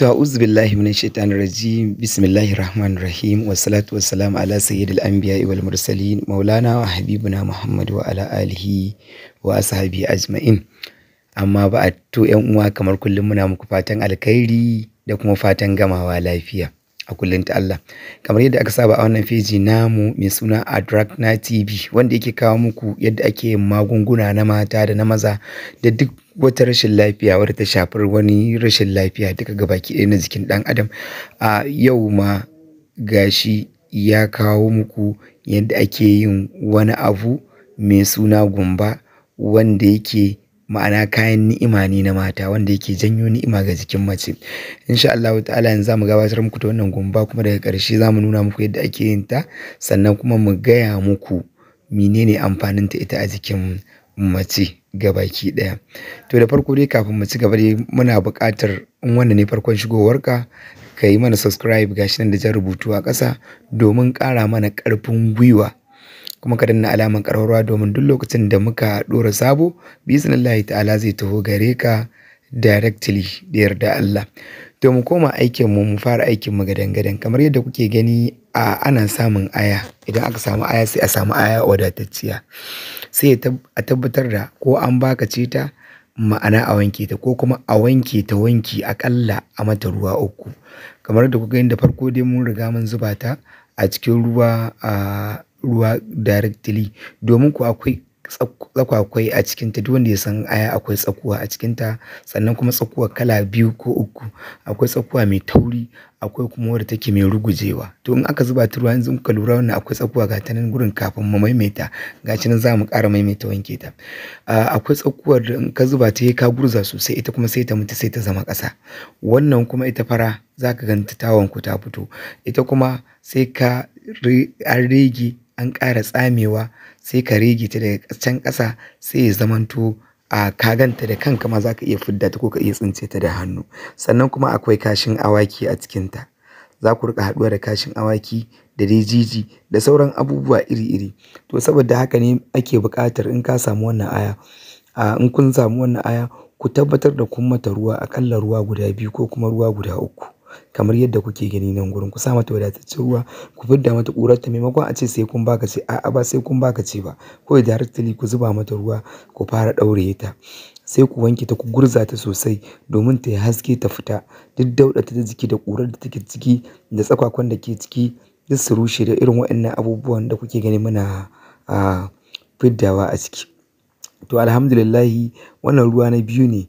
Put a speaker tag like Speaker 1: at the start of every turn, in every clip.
Speaker 1: To a'udhu billahi minash shaitanir rajim. Bismillahir rahman rahim. wa salam ala sayyidil anbiya'i wal mursalin maulana wa habibuna Muhammad wa ala alihi wa ashabihi ajma'in. Amma ba a to ƴan uwa kamar kullum muna muku fatan alkhairi da kuma fatan gamawa lafiya. a kullum ta Allah kamar yadda aka saba a wannan feji namu mai suna dragna TV wanda yake kawo muku yadda ake yin magunguna na mata da na maza da duk wata rashin lafiya wadda ta shafar wani rashin lafiya duka baki ɗaya na jikin ɗan adam a yau ma gashi ya kawo muku yadda ake yin wani abu mai suna gumba wanda yake ma'ana kayan ni'ima ne na mata wanda yake janyo ni'ima ga jikin mace. Insha Allah ta'ala yanzu za mu gabatar muku da wannan gumba kuma daga ƙarshe zamu nuna muku yadda ake yin ta sannan kuma mu gaya muku menene amfanin ta ita a jikin mace gabaki ɗaya. To da farko dai kafin mu ci gaba dai muna buƙatar in wannan ne farkon shigowarka ka yi mana subscribe gashi nan da jan rubutu a ƙasa domin ƙara mana ƙarfin gwiwa kuma ka danna alamar ƙararrawa domin duk lokacin da muka ɗora sabo lahi ta'ala zai taho gare ka directly da yarda Allah to mu koma aikin mu mu fara aikin mu gadan gadan kamar yadda kuke gani a ana samun aya idan aka samu aya sai a samu aya wadatacciya sai a tabbatar da ko an baka ce ta ma'ana a wanke ta ko kuma a wanke ta wanki akalla a mata ruwa uku kamar da ku gani da farko dai mun riga mun zuba ta a cikin ruwa a ruwa directly. Domin ku akwai tsakwakwai a cikinta. Duk wanda ya san aya akwai tsakuwa a cikinta. Sannan kuma tsakuwa kala biyu ko uku. Akwai tsakuwa mai tauri, akwai kuma wadda take mai rugujewa. To in aka zuba turuwa yanzu in lura wannan akwai tsakuwa ga ta nan gurin kafin mu maimaita. Ga shi nan za mu ƙara maimaita wanke ta. akwai tsakuwar da in ka zuba ta ya ka gurza sosai ita kuma sai ta mutu sai ta zama ƙasa. Wannan kuma ita fara za ka ganta ta ta fito. Ita kuma sai ka an rege an ƙara tsamewa sai ka rege ta daga can ƙasa sai ya zamanto a kaganta da kanka ma za ka iya fidda ta ko ka iya tsince ta da hannu. Sannan kuma akwai kashin awaki a cikinta. Za ku riƙa haɗuwa da kashin awaki da rijiji da sauran abubuwa iri-iri. To saboda haka ne ake buƙatar in ka samu wannan aya, a in kun samu wannan aya ku tabbatar da kun mata ruwa aƙalla ruwa guda biyu ko kuma ruwa guda uku. kamar yadda kuke gani nan gurin. Ku sa mata wadataccen ruwa, ku fidda mata ta maimakon a ce sai kun baka ce a'a ba sai kun baka ce ba. Kawai hartali ku zuba mata ruwa ku fara ɗaure ta. Sai ku wanke ta ku gurza ta sosai domin ta yi haske ta fita. Duk dauɗa ta jiki da ƙurar da take ciki da tsakakon da ke ciki duk su rushe da irin waɗannan abubuwan da kuke gani muna, fiddawa a ciki. To Alhamdulillahi wannan ruwa na biyu ne.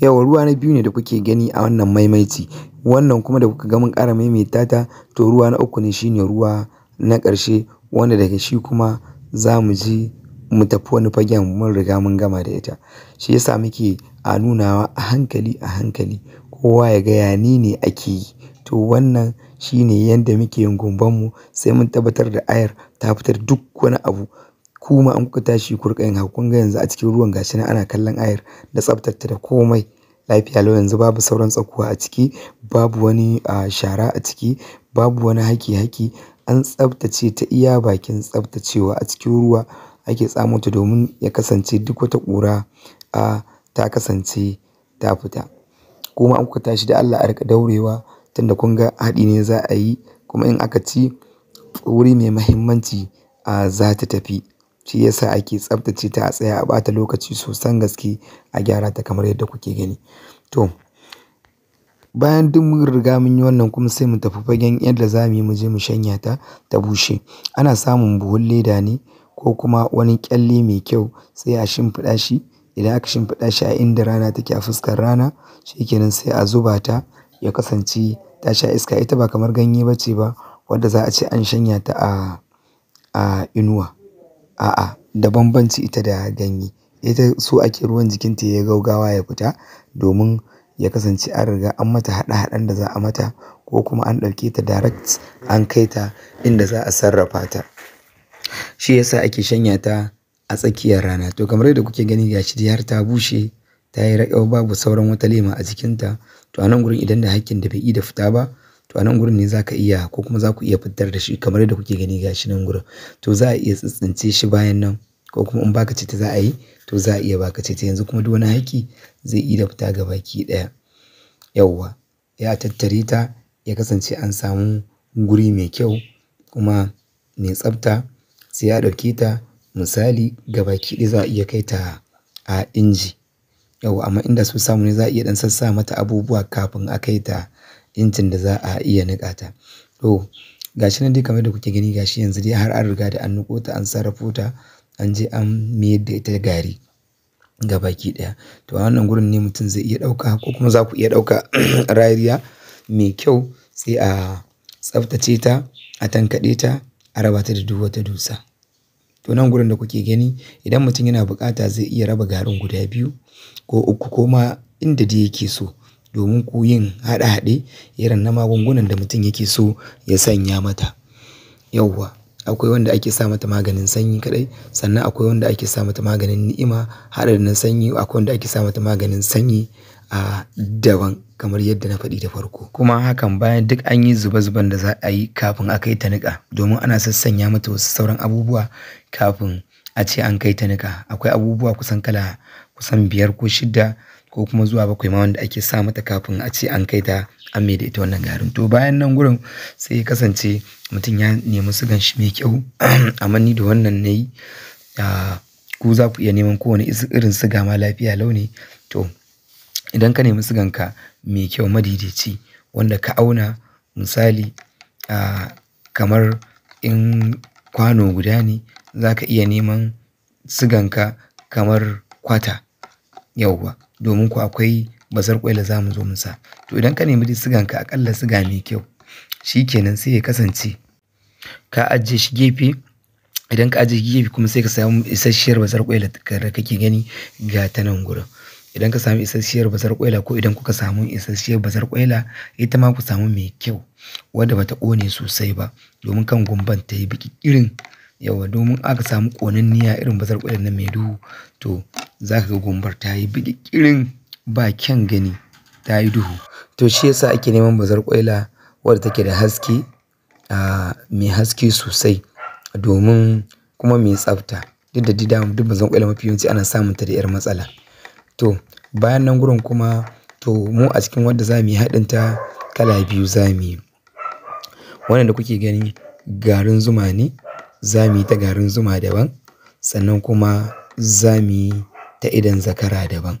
Speaker 1: yawa ruwa na biyu ne da kuke gani a wannan maimaici. Wannan kuma da kuka ga mun ƙara maimaita ta to ruwa na uku ne shine ruwa na ƙarshe wanda daga shi kuma za mu ji mu tafi wani fagen mun riga mun gama da ita. Shi yasa muke a nunawa a hankali a hankali kowa ya ga yani ne ake yi. To wannan shine yadda muke yin gumban mu sai mun tabbatar da ayar ta fitar duk wani abu. Kuma an kuka tashi ku riƙa yin ga yanzu a cikin ruwan gashi ana kallon ayar da tsaftace da komai. lafiya lau yanzu babu sauran tsakuwa a ciki, babu wani a shara a ciki, babu wani haki haki. An tsaftace ta iya bakin tsaftacewa a cikin ruwa ake tsamo domin ya kasance duk wata ƙura a ta kasance ta fita. Kuma an kuka tashi da Allah a rika daurewa tunda kun ga haɗi ne za a yi kuma in aka ci wuri mai mahimmanci a za ta tafi. shi yasa ake tsaftace ta a tsaya a bata lokaci sosan gaske a gyara ta kamar yadda kuke gani. To, bayan duk mun riga mun yi wannan kuma sai mu tafi fagen yadda za mu yi mu je mu shanya ta ta bushe. Ana samun buhun leda ne ko kuma wani kyalle mai kyau sai a shimfiɗa shi. Idan aka shimfiɗa shi a inda rana take a fuskar rana shikenan sai a zuba ta ya kasance ta sha iska. Ita ba kamar ganye ba ba wadda za a ce an shanya ta a inuwa. A'a, da banbanci ita da ganye. Ita so ake ruwan jikin ta ya gaugawa ya fita domin ya kasance an riga an mata haɗa hadan da za a mata ko kuma an ɗauke ta direct an kai ta inda za a sarrafa ta. Shi yasa ake shanya ta a tsakiyar rana. To kamar yadda kuke gani gashi da har ta bushe, ta yi raƙau babu sauran wata lema a jikinta. To a nan gurin idan da hakkin da bai yi da fita ba to a nan gurin ne zaka iya ko kuma za ku iya fitar da shi kamar yadda kuke gani gashi nan gurin to za a iya tsitsince shi bayan nan ko kuma in baka cita za a yi to za a iya baka cita yanzu kuma duk wani haƙi zai iya fita ga baki ɗaya yawwa ya tattare ta ya kasance an samu guri mai kyau kuma mai tsafta sai ya ɗauke ta misali ga baki ɗaya za a iya kai ta a inji Yawwa amma inda su samu ne za a iya ɗan sassa mata abubuwa kafin a kai ta incin da za a iya niƙa ta. To gashi nan dai kamar da kuke gani gashi yanzu dai har an riga da an niƙo ta an sarrafo ta an je an mayar da ita gari ga baki ɗaya. To a wannan gurin ne mutum zai iya ɗauka ko kuma za ku iya ɗauka rariya mai kyau sai a tsaftace ta, a tankaɗe ta, a raba ta da duk wata dusa. To nan gurin da kuke gani idan mutum yana bukata zai iya raba garin guda biyu ko uku ko ma inda dai yake so. domin ku yin haɗe-haɗe irin na magungunan da mutum yake so ya sanya mata. Yauwa akwai wanda ake sa mata maganin sanyi kaɗai, sannan akwai wanda ake sa mata maganin ni'ima haɗa na sanyi, akwai wanda ake sa mata maganin sanyi a daban kamar yadda na faɗi da farko. Kuma hakan bayan duk an yi zuba-zuban da za a yi kafin a kai ta niƙa domin ana sassanya mata wasu sauran abubuwa kafin a ce an kai ta niƙa. Akwai abubuwa kusan kala kusan biyar ko shidda ko kuma zuwa bakwai ma wanda ake sa mata kafin a ce an kai ta an mai da ita wannan garin to bayan nan gurin sai ya kasance mutum ya nemi su shi mai kyau amma ni da wannan na yi ku za ku iya neman kowane irin siga ma lafiya launi to idan ka nemi siganka mai kyau madidici wanda ka auna misali kamar in kwano guda ne za ka iya neman siganka kamar kwata yauwa domin ku akwai bazar kwai za mu zo mu sa to idan ka nemi sigan ka akalla siga mai kyau shi kenan sai ya kasance ka ajiye shi gefe idan ka ajiye gefe kuma sai ka samu isasshiyar bazar kwaila da kake gani ga ta nan gurin idan ka samu isasshiyar bazar kwaila ko idan kuka samu isasshiyar bazar kwaila ita ma ku samu mai kyau wadda bata kone sosai ba domin kan gumban ta yi biki irin yawa domin aka samu ƙonanniya irin bazar kwaila na mai duhu to za ka ga gumbar ta yi bilikirin ba kyan gani ta yi duhu to shi yasa ake neman bazar ƙwaila wadda take da haske a mai haske sosai domin kuma mai tsafta duk da dida duk bazarƙwaila mafi yawanci ana samun ta da yar matsala to bayan nan gurin kuma to mu a cikin wadda za mu yi haɗin ta kala biyu za mu yi wannan da kuke gani garin zuma ne za mu yi ta garin zuma daban sannan kuma za mu yi ta idan zakara daban.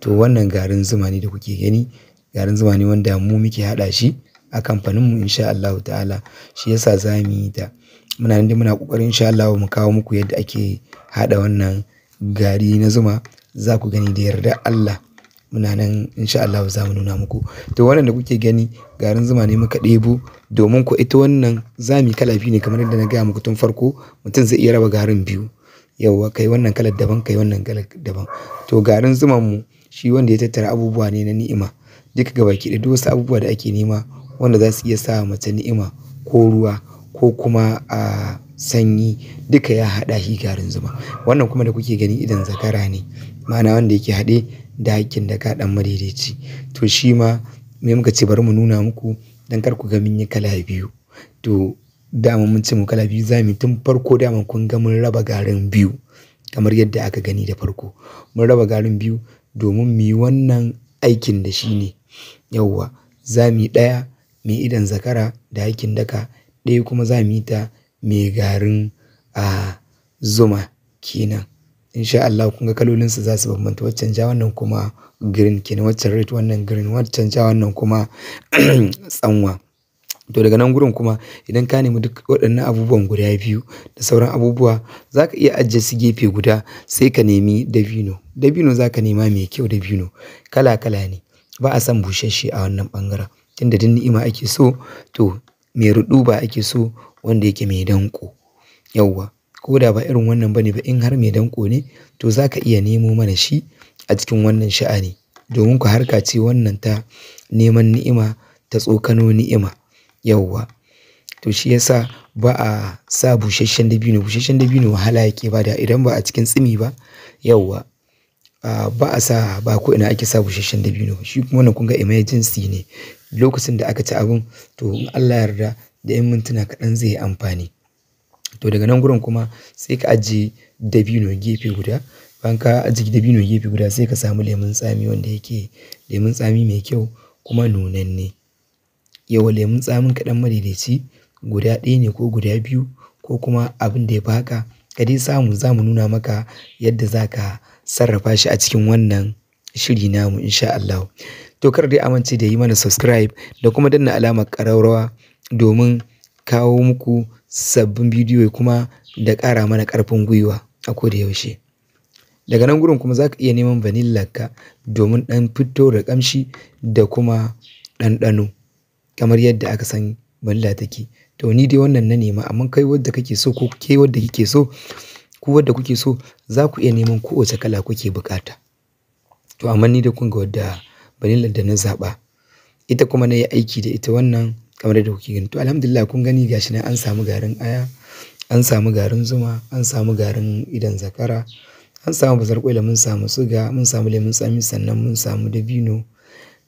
Speaker 1: To wannan garin zuma ne da kuke gani, garin zuma ne wanda mu muke haɗa shi a kamfaninmu mu insha Allah ta'ala. Shi yasa za yi ta. Muna nan dai muna kokarin insha Allah mu kawo muku yadda ake haɗa wannan gari na zuma. Za ku gani da yarda, Allah. Muna nan insha Allah za mu nuna muku. To wannan da kuke gani garin zuma ne muka ɗebo domin ku ita wannan zami kala biyu ne kamar yadda na gaya muku tun farko. Mutum zai iya raba garin biyu. yauwa kai wannan kalar daban kai wannan kalar daban. To garin zuman mu shi wanda ya tattara abubuwa ne na ni'ima. Duka ga ɗaya duk wasu abubuwa da ake nema wanda za su iya sa mace ni'ima ko ruwa ko kuma a sanyi duka ya haɗa shi garin zuma. Wannan kuma da kuke gani idan zakara ne ma'ana wanda yake haɗe da hakkin daka madaidaici. To shi ma me muka ce bari mu nuna muku don kar ku ga mun yi kala biyu. To dama mun ce mu kala biyu za mu tun farko dama kun ga mun raba garin biyu kamar yadda aka gani da farko. Mun raba garin biyu domin mu yi wannan aikin da shi ne. Yauwa za mu yi ɗaya mai idon zakara da aikin daka, ɗaya kuma za mu yi ta mai garin, a zuma kenan. insha Allah kun ga kalolinsu za su bambanta waccan ja wannan kuma green ke waccan red wannan green, waccan ja wannan kuma tsanwa. To daga nan gurin kuma idan ka nemi duk waɗannan abubuwan guda biyu da sauran abubuwa, za ka iya ajiye su gefe guda sai ka nemi dabino. Dabino za ka nema mai kyau dabino. Kala kala ne. Ba a san busasshe a wannan ɓangaren. Tunda duk ni'ima ake so to mai ba ake so wanda yake mai danko Yauwa. Ko da ba irin wannan bane ba in har mai danko ne to za ka iya nemo mana shi a cikin wannan sha'ani. Domin ku harka ce wannan ta neman ni'ima ta tsokano ni'ima. yauwa to shi yasa ba a sa busasshen dabino busasshen dabino wahala yake da idan ba a cikin tsimi ba yauwa ba a sa ba ko ina ake sa busasshen dabino shi kuma wannan kun ga emergency ne lokacin da aka ci abun to in Allah yarda da yan mintuna kaɗan zai yi amfani to daga nan gurin kuma sai ka ajiye dabino gefe guda bayan ka ajiye dabino gefe guda sai ka samu lemun tsami wanda yake lemun tsami mai kyau kuma nunanne yawa lemun tsamin kaɗan madaidaici guda ɗaya ne ko guda biyu ko kuma abin da ya fi haka. Ka dai samu za mu nuna maka yadda za ka sarrafa shi a cikin wannan shiri namu mu sha Allahu. To kar dai amince da yi mana subscribe da kuma danna alamar ƙararrawa domin kawo muku sabbin bidiyo kuma da ƙara mana ƙarfin gwiwa a ko da yaushe. Daga nan gurin kuma za ka iya neman vanilla ka domin ɗan fito da ƙamshi da kuma ɗanɗano. kamar yadda aka san balla take. To ni dai wannan na nema amma kai wadda kake so ko ke wadda kike so ku wanda kuke so za ku iya neman kowace kala kuke bukata. To amma ni da kun ga wadda balilla da na zaba ita kuma na yi aiki da ita wannan kamar yadda kuke gani. To alhamdulillah kun gani gashi nan an samu garin aya, an samu garin zuma, an samu garin idan zakara, an samu bazar kwela mun samu suga, mun samu lemun tsami sannan mun samu dabino.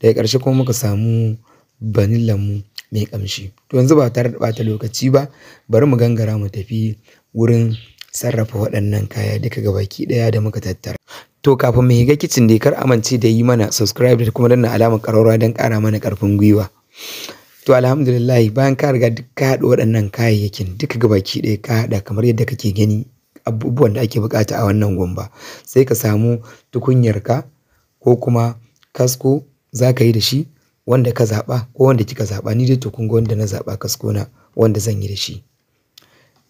Speaker 1: Daga ƙarshe kuma muka samu Banin lamu mai ƙamshi. To yanzu ba tare da bata lokaci ba bari mu gangara mu tafi wurin sarrafa waɗannan kaya duka baki ɗaya da muka tattara. To kafin mu shiga kicin dai kar amince da yi mana subscribe da kuma danna alamar ƙararrawa don ƙara mana ƙarfin gwiwa. To alhamdulillah bayan ka riga duk ka haɗa waɗannan kayayyakin duka ga baki ɗaya ka haɗa kamar yadda kake gani abubuwan da ake buƙata a wannan gwamba sai ka samu tukunyarka ko kuma kasko za ka yi da shi wanda ka zaɓa ko wanda kika zaɓa ni dai to kun ga wanda na zaɓa kaskona wanda zan yi da shi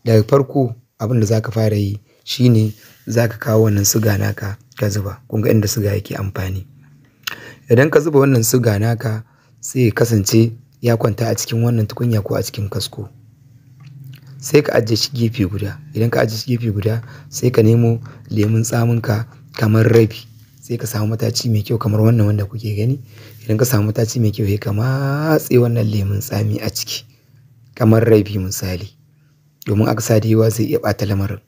Speaker 1: daga farko abin da zaka fara yi shine zaka kawo wannan suga naka ka zuba kun ga inda suga yake amfani idan ka zuba wannan suga naka sai ya kasance ya kwanta a cikin wannan tukunya ko a cikin kasko sai ka ajiye shi gefe guda idan ka ajiye shi gefe guda sai ka nemo lemun tsaminka kamar rabi sai ka samu mataci mai kyau kamar wannan wanda kuke gani Idan ka samu taci mai kyau sai ka matse wannan lemun tsami a ciki kamar rabi misali. Domin aka da yawa zai iya ɓata lamarin.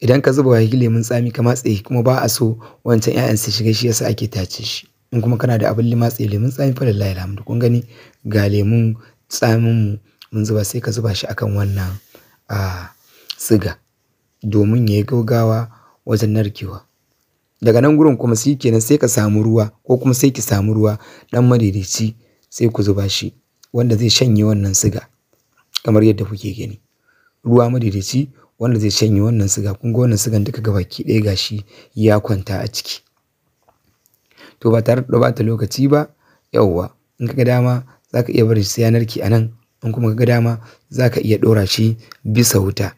Speaker 1: Idan ka zuba wa lemun tsami ka matse kuma ba a so wancan 'ya'yan su shiga shi yasa ake tace shi. In kuma kana da abin matse lemun tsami fa lallahi alhamdu. Kun gani ga lemun tsaminmu mun zuba sai ka zuba shi akan wannan, a ah, siga domin yayi gogawa wajen narkewa. daga nan gurin kuma shi kenan sai ka samu ruwa ko kuma sai ki samu ruwa dan madaidaici sai ku zuba shi wanda zai shanye wannan siga kamar yadda kuke gani ruwa madaidaici wanda zai shanye wannan siga kun ga wannan sigan duka ki ɗaya gashi ya kwanta a ciki to ba tare da bata lokaci ba yauwa in kaga dama zaka iya bari sai yanar ki anan in kuma kaga dama zaka iya ɗora shi bisa wuta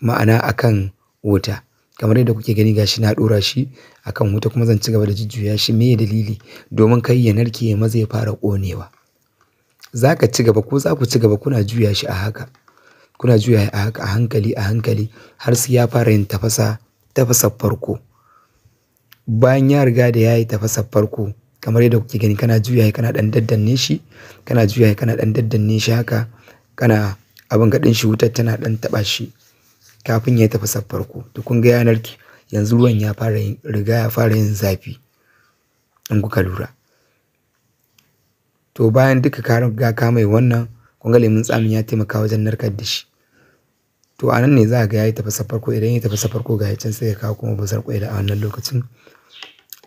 Speaker 1: ma'ana akan wuta kamar yadda kuke gani gashi na ɗora shi akan wuta kuma zan ci gaba da jujjuya shi me dalili domin kai ya narke ya maza ya fara konewa zaka ci gaba ko za ku ci gaba kuna juya shi a haka kuna juya a haka a hankali a hankali har sai ya fara yin tafasa tafasar farko bayan ya riga da yayi tafasa farko kamar yadda kuke gani kana juya kana dan daddanne shi kana juya kana dan daddanne shi haka kana abin gadin shi wutar tana dan taɓa shi kafin ya tafi farko to kun ga yanar ki yanzu ruwan ya fara riga ya fara yin zafi in kuka lura to bayan duka ka riga ka mai wannan kun ga lemun tsamin ya taimaka wajen narkar da shi to a nan ne za ga ya yi tafasa farko idan ya tafasa farko ga can sai ka kawo kuma bazar kwaila a wannan lokacin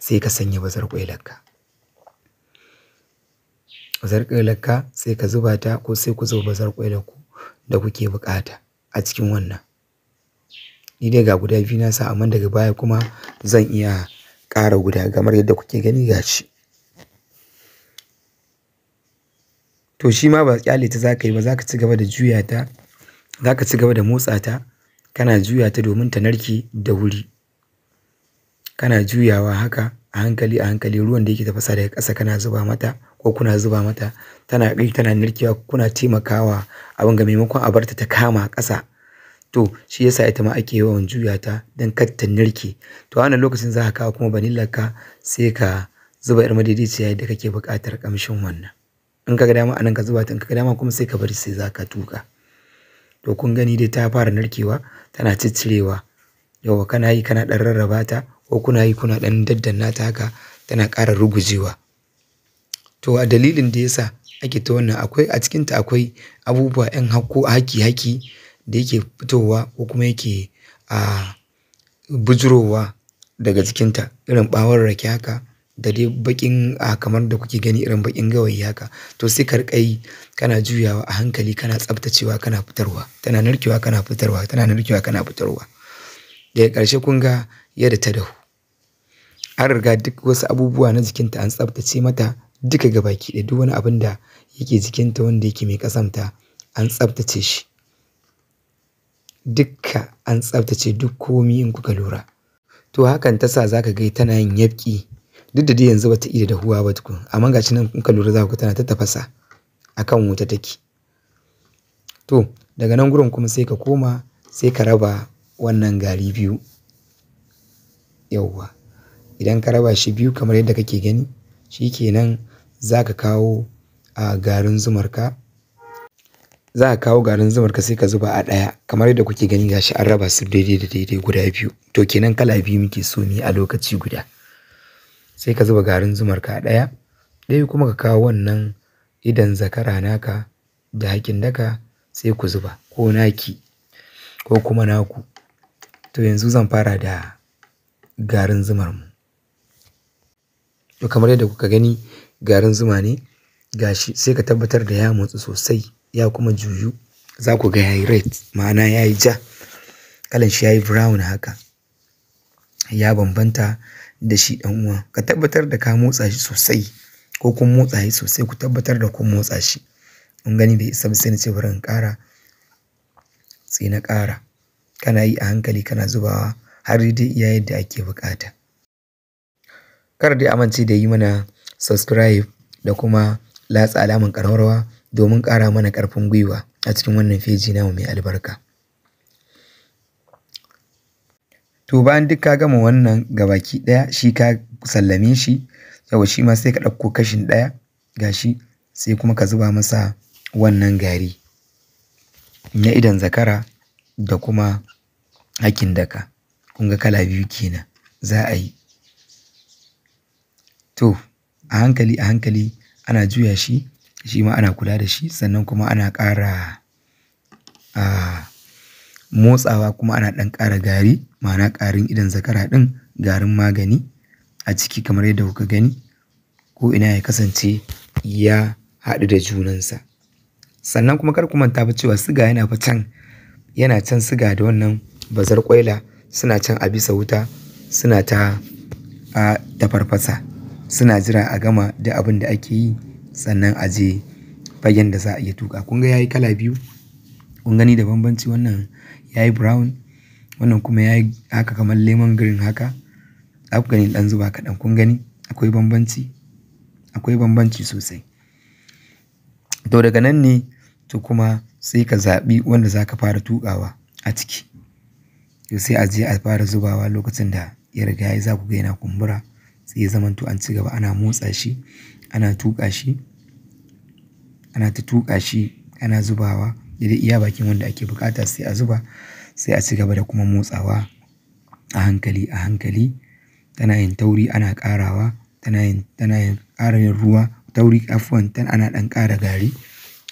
Speaker 1: sai ka sanya bazar kwailarka bazar kwailarka sai ka zuba ta ko sai ku zuba bazar kwailarku da kuke bukata a cikin wannan Ni dai ga guda biyu na sa amma daga baya kuma zan iya ƙara guda kamar yadda kuke gani gashi. To shi ma ba ƙyale ta za yi ba, za ci gaba da juya ta, zaka ci gaba da motsa ta, kana juya ta domin ta narke da wuri. Kana juyawa haka a hankali a hankali ruwan da yake tafasa daga ƙasa kana zuba mata ko kuna zuba mata tana kai tana narkewa kuna taimakawa abin ga maimakon a barta ta kama ƙasa. to shi yasa ita ma ake yawan juya ta don kar ta narke. To a wannan lokacin za ka kawo kuma vanilla ka sai ka zuba yar madaidaiciya da kake buƙatar kamshin wannan. In ka ga dama anan ka zuba ta in ka ga dama kuma sai ka bari sai za ka tuka. To kun gani dai ta fara narkewa tana ciccirewa. yawa kana yi kana ɗan rarraba ta ko kuna yi kuna ɗan daddanna ta haka tana ƙara rugujewa. To a dalilin da yasa ake ta wannan akwai a cikinta akwai abubuwa 'yan hakko haki haki da yake fitowa ko kuma yake a bujurowa daga jikinta irin ɓawon rake haka da dai baƙin a kamar da kuke gani irin bakin gawayi haka to sai ka kana juyawa a hankali kana tsaftacewa kana fitarwa tana narkewa kana fitarwa tana narkewa kana fitarwa daga ƙarshe kun ga yadda ta dahu an riga duk wasu abubuwa na jikinta an tsaftace mata duka gabaki da duk wani abin da yake jikinta wanda yake mai kasanta an tsaftace shi dukka an tsaftace duk komi in kuka lura. To hakan ta sa za ga tana yin yabki Duk da dai yanzu bata iya dahuwa ba tukun amma gashi nan in kuka lura za ku tana ta tafasa akan wuta take. To daga nan gurin kuma sai ka koma sai ka raba wannan gari biyu yauwa. Idan ka raba shi biyu kamar yadda kake gani shi ke nan kawo a ah, garin zumarka za a kawo garin zumar ka sai ka zuba a ɗaya kamar yadda kuke gani gashi an raba su daidai da daidai guda biyu to kenan kala biyu muke so a lokaci guda sai ka zuba garin zumar ka a ɗaya ɗaya kuma ka kawo wannan idan zakara naka da hakin daka sai ku zuba ko naki ko kuma naku to yanzu zan fara da garin zumar mu to kamar yadda kuka gani garin zuma ne gashi sai ka tabbatar da ya motsi sosai ya kuma juyu za ku ga yayi red ma'ana yayi ja kalan shi yayi brown haka ya bambanta da shi ɗan uwa ka tabbatar da ka motsa shi sosai ko kun motsa shi sosai ku tabbatar da kun motsa shi in gani bai isa sai na ce bari in ƙara sai na ƙara kana yi a hankali kana zubawa har dai iya yadda ake bukata kar dai amince da yi mana subscribe da kuma latsa alaman ƙararrawa domin ƙara mana ƙarfin gwiwa a cikin wannan feji namu mai albarka. To bayan duk ka gama wannan gabaki ɗaya shi ka sallame shi yau shi ma sai ka ɗauko kashin ɗaya ga shi, sai kuma ka zuba masa wannan gari na idan zakara da kuma hakin daka kun ga kala biyu kenan za a yi to a hankali a hankali ana juya shi shi ma ana kula da shi sannan kuma ana ƙara motsawa kuma ana ɗan ƙara gari ma'ana ƙarin idan zakara ɗin garin magani a ciki kamar yadda kuka gani ko ina ya kasance ya haɗu da junansa sannan kuma kar ku manta ba cewa siga yana fa can yana can siga da wannan bazar kwaila suna can a bisa wuta suna ta a tafarfasa suna jira a gama da abin da ake yi sannan a je fagen da za a iya tuka. Kun ga yayi kala biyu, kun da bambanci wannan yayi brown wannan kuma yayi haka kamar lemon green haka. Za ku gani ɗan zuba kaɗan kun gani akwai bambanci, akwai bambanci sosai. To daga nan ne to kuma sai ka zaɓi wanda za ka fara tukawa a ciki. To sai a je a fara zubawa lokacin da ya riga yayi za ku ga yana kumbura sai ya zamanto an ci gaba ana motsa shi, ana tuka shi. ana ta tuka shi ana zubawa daidai iya bakin wanda ake bukata sai a zuba sai a ci gaba da kuma motsawa a hankali a hankali tana yin tauri ana ƙarawa tana yin tana yin ƙara ruwa tauri afuwan tan ana ɗan ƙara gari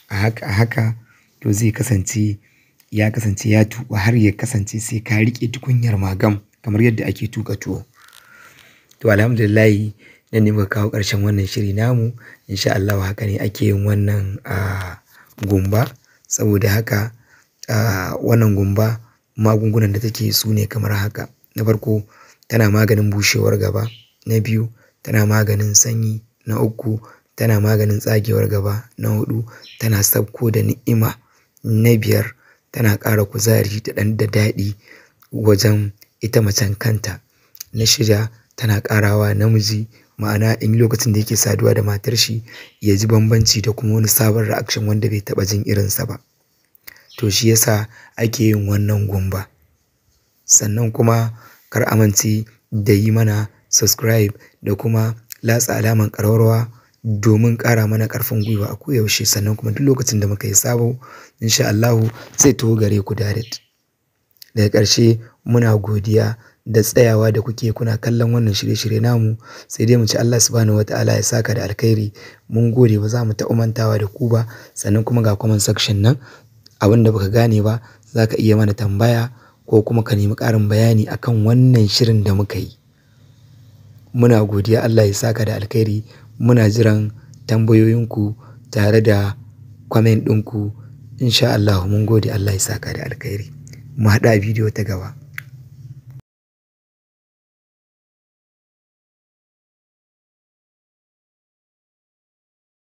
Speaker 1: a haka a haka to zai kasance ya kasance ya tuƙa har ya kasance sai ka riƙe tukunyar magam. kamar yadda ake tuƙa tuwo. To alhamdulillahi Nan ne muka kawo ƙarshen wannan shiri namu. In sha haka ne ake yin wannan, gumba. Saboda haka, wannan gumba magungunan da take su ne kamar haka. Na farko tana maganin bushewar gaba. Na biyu tana maganin sanyi. Na uku tana maganin tsagewar gaba. Na hudu, tana sabko da ni'ima. Na biyar tana ƙara kuzari da ɗan da daɗi wajen ita macen kanta. Na shida tana ƙarawa namiji. ma'ana in lokacin da yake saduwa da matar shi ya ji bambanci da kuma wani sabon reaction wanda bai taɓa jin irinsa ba to shi yasa ake yin wannan gumba sannan kuma kar amince da yi mana subscribe da kuma latsa alaman ƙararrawa domin ƙara mana karfin gwiwa a koyaushe sannan kuma duk lokacin da muka yi sabo insha Allah zai taho gare ku direct daga ƙarshe muna godiya da tsayawa da kuke kuna kallon wannan shirye-shirye namu sai dai mu ci Allah subhanahu wataala ya saka da alkhairi mun gode ba za mu ta umantawa da ku ba sannan kuma ga comment section nan abin da baka gane ba za ka iya mana tambaya ko kuma ka nemi ƙarin bayani akan wannan shirin da muka yi muna godiya Allah ya saka da alkhairi muna jiran tambayoyinku tare da comment ɗinku insha Allah mun gode Allah ya saka da alkhairi mu haɗa bidiyo ta gaba